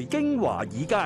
《財經華爾街》。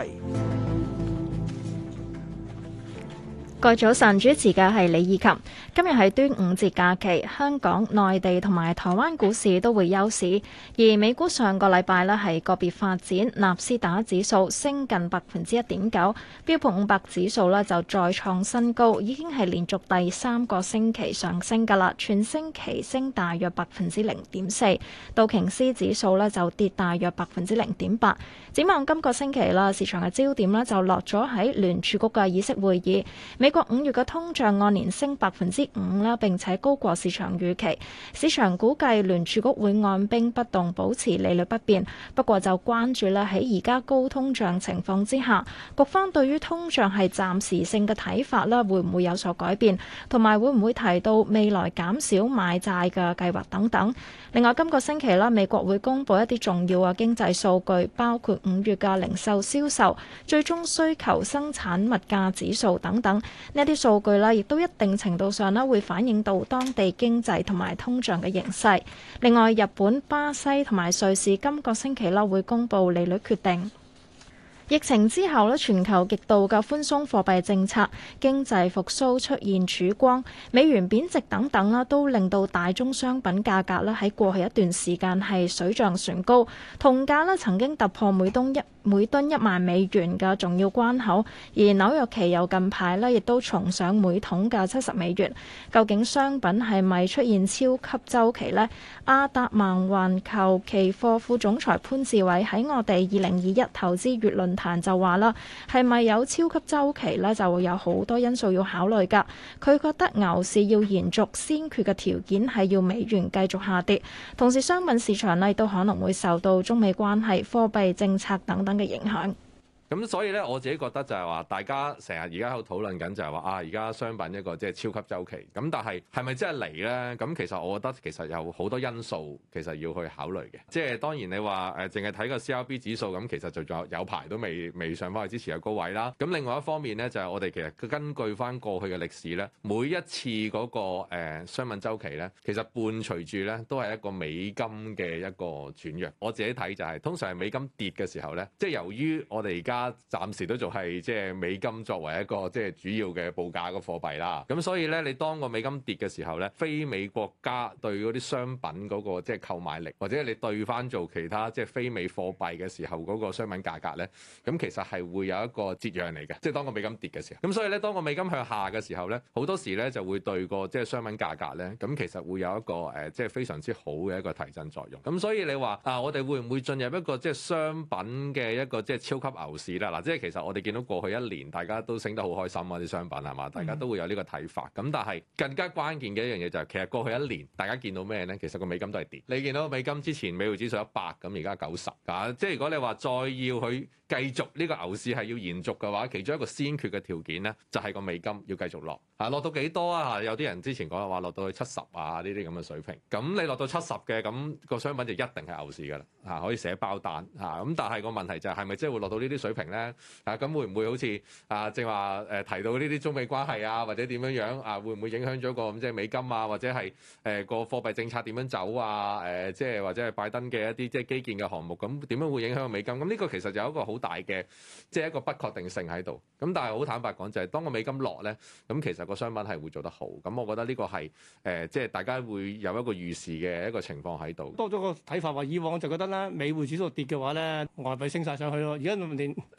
各位早晨，主持嘅係李以琴。今日係端午節假期，香港、內地同埋台灣股市都會休市。而美股上個禮拜呢，係個別發展，納斯達克指數升近百分之一點九，標普五百指數呢就再創新高，已經係連續第三個星期上升㗎啦，全星期升大約百分之零點四。道瓊斯指數呢就跌大約百分之零點八。展望今個星期啦，市場嘅焦點呢就落咗喺聯儲局嘅議息會議，美。個五月嘅通脹按年升百分之五啦，並且高過市場預期。市場估計聯儲局會按兵不動，保持利率不變。不過就關注啦，喺而家高通脹情況之下，局方對於通脹係暫時性嘅睇法啦，會唔會有所改變？同埋會唔會提到未來減少買債嘅計劃等等？另外今個星期啦，美國會公布一啲重要嘅經濟數據，包括五月嘅零售銷售、最終需求、生產物價指數等等。呢啲數據啦，亦都一定程度上咧會反映到當地經濟同埋通脹嘅形勢。另外，日本、巴西同埋瑞士今個星期啦會公布利率決定。疫情之後咧，全球極度嘅寬鬆貨幣政策、經濟復甦出現曙光、美元貶值等等啦，都令到大宗商品價格咧喺過去一段時間係水漲船高。銅價曾經突破每噸一每噸一萬美元嘅重要關口，而紐約期油近排咧亦都重上每桶嘅七十美元。究竟商品係咪出現超級周期呢？亞達曼環球期貨副,副總裁潘志偉喺我哋二零二一投資月論。談就話啦，係咪有超級周期呢？就會有好多因素要考慮噶。佢覺得牛市要延續，先決嘅條件係要美元繼續下跌，同時商品市場呢都可能會受到中美關係、貨幣政策等等嘅影響。咁所以咧，我自己覺得就係話，大家成日而家喺度討論緊，就係話啊，而家商品一個即係超級周期。咁但係係咪真係嚟呢？咁其實我覺得其實有好多因素其實要去考慮嘅。即係當然你話誒，淨係睇個 CRB 指數咁，其實就仲有排都未未上翻去之前有高位啦。咁另外一方面呢，就係我哋其實根據翻過去嘅歷史呢，每一次嗰個誒商品周期呢，其實伴隨住呢都係一個美金嘅一個轉弱。我自己睇就係通常係美金跌嘅時候呢，即係由於我哋而家。暫時都仲係即係美金作為一個即係主要嘅報價個貨幣啦。咁所以咧，你當個美金跌嘅時候咧，非美國家對嗰啲商品嗰個即係購買力，或者你對翻做其他即係非美貨幣嘅時候嗰個商品價格咧，咁其實係會有一個折讓嚟嘅。即係當個美金跌嘅時候，咁所以咧，當個美金向下嘅時候咧，好多時咧就會對個即係商品價格咧，咁其實會有一個誒即係非常之好嘅一個提振作用。咁所以你話啊，我哋會唔會進入一個即係商品嘅一個即係超級牛市？啦，嗱，即係其實我哋見到過去一年大家都升得好開心啊，啲商品係嘛，大家都會有呢個睇法。咁、嗯、但係更加關鍵嘅一樣嘢就係、是，其實過去一年大家見到咩呢？其實個美金都係跌。你見到美金之前美匯指數一百咁，而家九十嚇。即係如果你話再要去繼續呢、這個牛市係要延續嘅話，其中一個先決嘅條件呢，就係個美金要繼續落嚇，落到幾多啊？多少有啲人之前講話落到去七十啊，呢啲咁嘅水平。咁你落到七十嘅，咁、那個商品就一定係牛市㗎啦嚇，可以寫包單嚇。咁、啊、但係個問題就係、是，係咪即係會落到呢啲水平？平咧，啊咁會唔會好似啊，即係話誒提到呢啲中美關係啊，或者點樣樣啊，會唔會影響咗個咁即係美金啊，或者係誒個貨幣政策點樣走啊？誒即係或者係拜登嘅一啲即係基建嘅項目咁，點樣會影響美金？咁、這、呢個其實有一個好大嘅，即係一個不確定性喺度。咁但係好坦白講就係，當個美金落咧，咁其實個商品係會做得好。咁我覺得呢個係誒即係大家會有一個預示嘅一個情況喺度。多咗個睇法話，以往就覺得咧，美匯指數跌嘅話咧，外幣升晒上去咯。而家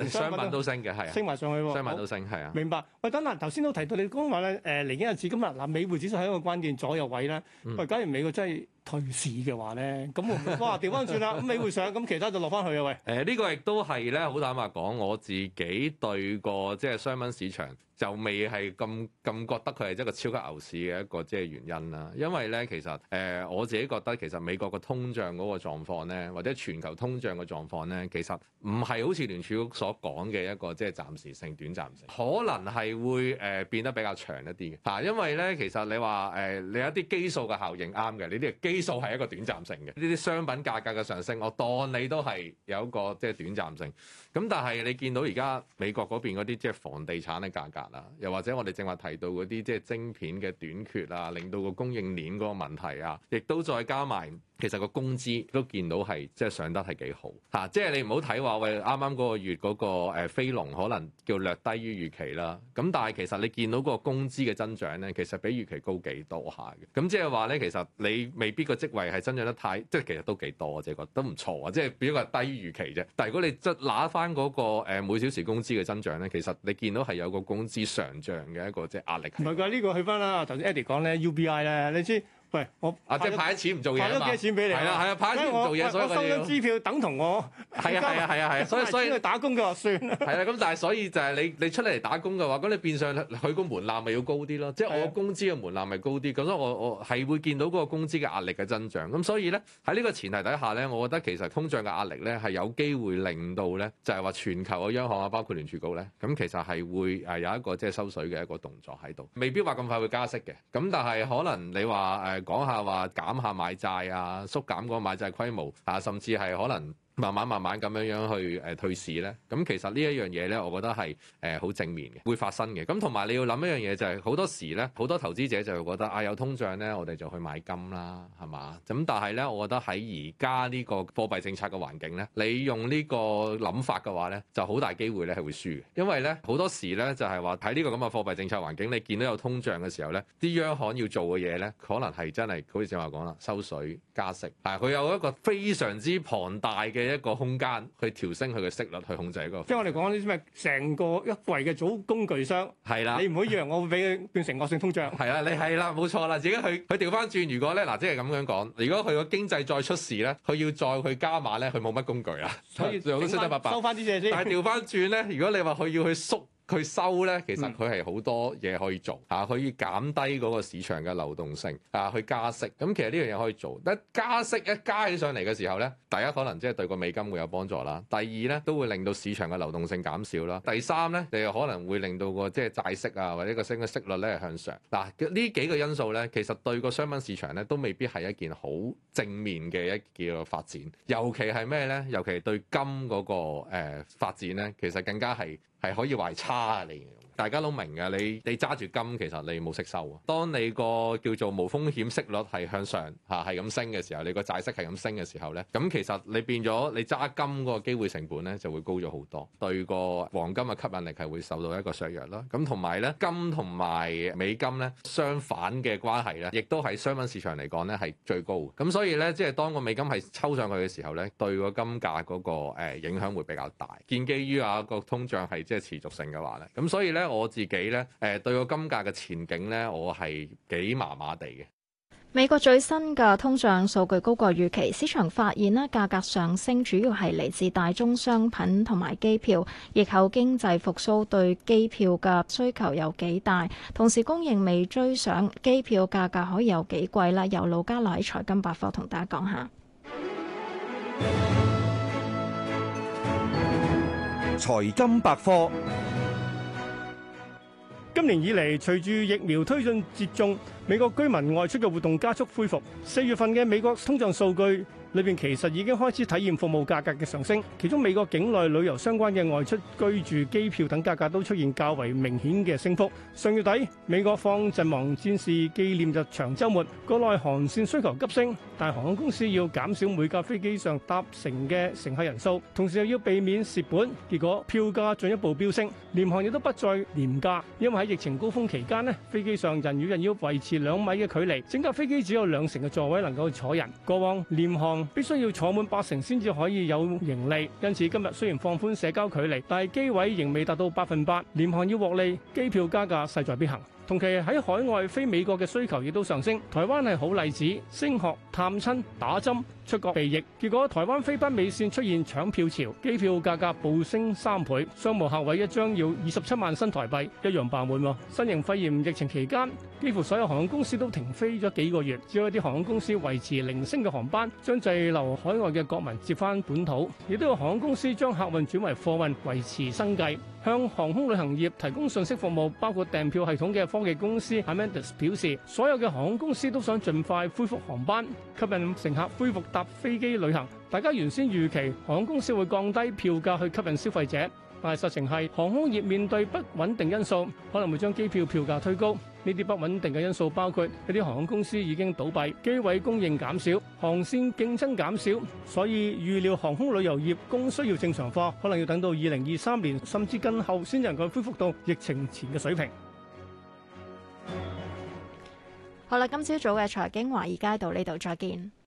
商品都升嘅，係升埋上去喎。商品都升，係啊。明白。喂，等下頭先都提到你講話咧，誒嚟緊日子。呃、今日嗱，美匯指數係一個關鍵左右位咧。喂、嗯，假如美國真係，退市嘅話咧，咁我哇調翻轉啦，咁 你會上，咁其他就落翻去啊喂！誒、呃、呢、呢個亦都係咧，好坦白講，我自己對個即係商品市場就未係咁咁覺得佢係一個超級牛市嘅一個即係原因啦。因為咧，其實、呃、我自己覺得其實美國嘅通脹嗰個狀況咧，或者全球通脹嘅狀況咧，其實唔係好似聯儲局所講嘅一個即係暫時性、短暫性，可能係會誒、呃、變得比較長一啲嘅、啊、因為咧，其實你話誒、呃、你有一啲基數嘅效應啱嘅，你啲係基。啲數係一個短暫性嘅，呢啲商品價格嘅上升，我當你都係有一個即係、就是、短暫性。咁但係你見到而家美國嗰邊嗰啲即係房地產嘅價格啦，又或者我哋正話提到嗰啲即係晶片嘅短缺啊，令到個供應鏈嗰個問題啊，亦都再加埋。其實個工資都見到係即係上得係幾好即係、啊即係、你唔好睇話喂啱啱個個月嗰個飛飛龍可能叫略低於預期啦，咁但係其實你見到個個工資嘅增長咧，其實比預期高幾多下嘅，咁即係話咧其實你未必個職位係增長得太，即係其實都幾多我係覺得都唔錯啊，即係變咗個低於預期啫。但如果你即拿翻嗰個每小時工資嘅增長咧，其實你見到係有個工資上漲嘅一個即係壓力。唔係㗎，呢、這個去翻啦。頭先 Eddie 講咧，UBI 咧，你知。喂，我啊，即係派錢唔做嘢嘛？派多幾錢俾你係啦，係啊，派錢唔做嘢，所以要我收緊支票，等同我係啊，係啊，係啊，係啊，啊，所以所以打工嘅話算啦。係啦，咁但係所以就係你你出嚟打工嘅話，咁你變相佢個門檻咪要高啲咯？即係我工資嘅門檻咪高啲，咁所以我我係會見到嗰個工資嘅壓力嘅增長。咁所以咧喺呢個前提底下咧，我覺得其實通脹嘅壓力咧係有機會令到咧就係話全球嘅央行啊，包括聯儲局咧，咁其實係會誒有一個即係收水嘅一個動作喺度，未必話咁快會加息嘅。咁但係可能你話誒。哎講下話減下買債啊，縮減個買債規模啊，甚至係可能。慢慢慢慢咁樣樣去誒退市咧，咁其實呢一樣嘢咧，我覺得係誒好正面嘅，會發生嘅。咁同埋你要諗一樣嘢就係好多時咧，好多投資者就會覺得啊有通脹咧，我哋就去買金啦，係嘛？咁但係咧，我覺得喺而家呢個貨幣政策嘅環境咧，你用呢個諗法嘅話咧，就好大機會咧係會輸嘅，因為咧好多時咧就係話喺呢個咁嘅貨幣政策環境，你見到有通脹嘅時候咧，啲央行要做嘅嘢咧，可能係真係好似正話講啦，收水加息，係佢有一個非常之龐大嘅。一個空間去調升佢嘅息率去控制嗰，即係我哋講啲咩成個一櫃嘅組工具箱係啦，你唔好以為，我會俾佢變成惡性通脹。係啦你係啦，冇錯啦，自己去佢調翻轉。如果咧嗱，即係咁樣講，如果佢個經濟再出事咧，佢要再去加碼咧，佢冇乜工具啦。所以就都得八八收翻啲嘢先。但係調翻轉咧，如果你話佢要去縮。佢收呢，其實佢係好多嘢可以做嚇，可以減低嗰個市場嘅流動性啊，去加息。咁其實呢樣嘢可以做，一加息一加起上嚟嘅時候呢，第一，可能即係對個美金會有幫助啦。第二呢，都會令到市場嘅流動性減少啦。第三呢，你又可能會令到個即係債息啊，或者個升嘅息率呢向上。嗱，呢幾個因素呢，其實對個商品市場呢都未必係一件好正面嘅一個發展。尤其係咩呢？尤其係對金嗰、那個發、呃、發展呢，其實更加係。係可以話係差嚟嘅。大家都明嘅，你你揸住金其實你冇息收啊。當你個叫做無風險息率係向上嚇，係咁升嘅時候，你個債息係咁升嘅時候咧，咁其實你變咗你揸金個機會成本咧就會高咗好多，對個黃金嘅吸引力係會受到一個削弱咯。咁同埋咧，金同埋美金咧相反嘅關係咧，亦都喺商品市場嚟講咧係最高。咁所以咧，即係當個美金係抽上去嘅時候咧，對個金價嗰個誒影響會比較大。建基於啊個通脹係即係持續性嘅話咧，咁所以咧。我自己咧，誒、呃，對個金價嘅前景咧，我係幾麻麻地嘅。美國最新嘅通脹數據高過預期，市場發現啦，價格上升主要係嚟自大宗商品同埋機票。疫後經濟復蘇對機票嘅需求有幾大，同時供應未追上，機票價格可以有幾貴啦。由盧嘉來財金百科同大家講下，財金百科。今年以來，隨住疫苗推進接種，美國居民外出嘅活動加速恢復。四月份嘅美國通脹數據裏面其實已經開始體驗服務價格嘅上升，其中美國境內旅遊相關嘅外出居住機票等價格都出現較為明顯嘅升幅。上月底美國放陣亡戰士紀念日長週末，國內航線需求急升，但航空公司要減少每架飛機上搭乘嘅乘客人數，同時又要避免蝕本，結果票價進一步飆升，廉航亦都不再廉價，因為喺疫情高峰期間呢，飛機上人與人要維持兩米嘅距離，整架飛機只有兩成嘅座位能夠坐人，過往廉航，必須要坐滿八成先至可以有盈利，因此今日雖然放寬社交距離，但係機位仍未達到百分百，廉航要獲利，機票加價勢在必行。同期喺海外飛美國嘅需求亦都上升，台灣係好例子，升學探親、打針出國避疫，結果台灣飛北美線出現搶票潮，機票價格暴升三倍，商務客位一張要二十七萬新台幣，一樣爆滿。新型肺炎疫情期間幾乎所有航空公司都停飛咗幾個月，只有一啲航空公司維持零星嘅航班，將滯留海外嘅國民接翻本土，亦都有航空公司將客運轉為貨運，維持生計。向航空旅行業提供信息服務，包括訂票系統嘅科技公司 Amadeus 表示，所有嘅航空公司都想盡快恢復航班，吸引乘客恢復搭飛機旅行。大家原先預期航空公司會降低票價去吸引消費者，但實情係航空業面對不穩定因素，可能會將機票票價推高。呢啲不穩定嘅因素包括一啲航空公司已經倒閉，機位供應減少、航線競爭減少，所以預料航空旅遊業供需要正常化，可能要等到二零二三年甚至更後先能夠恢復到疫情前嘅水平。好啦，今朝早嘅財經華爾街到呢度，再見。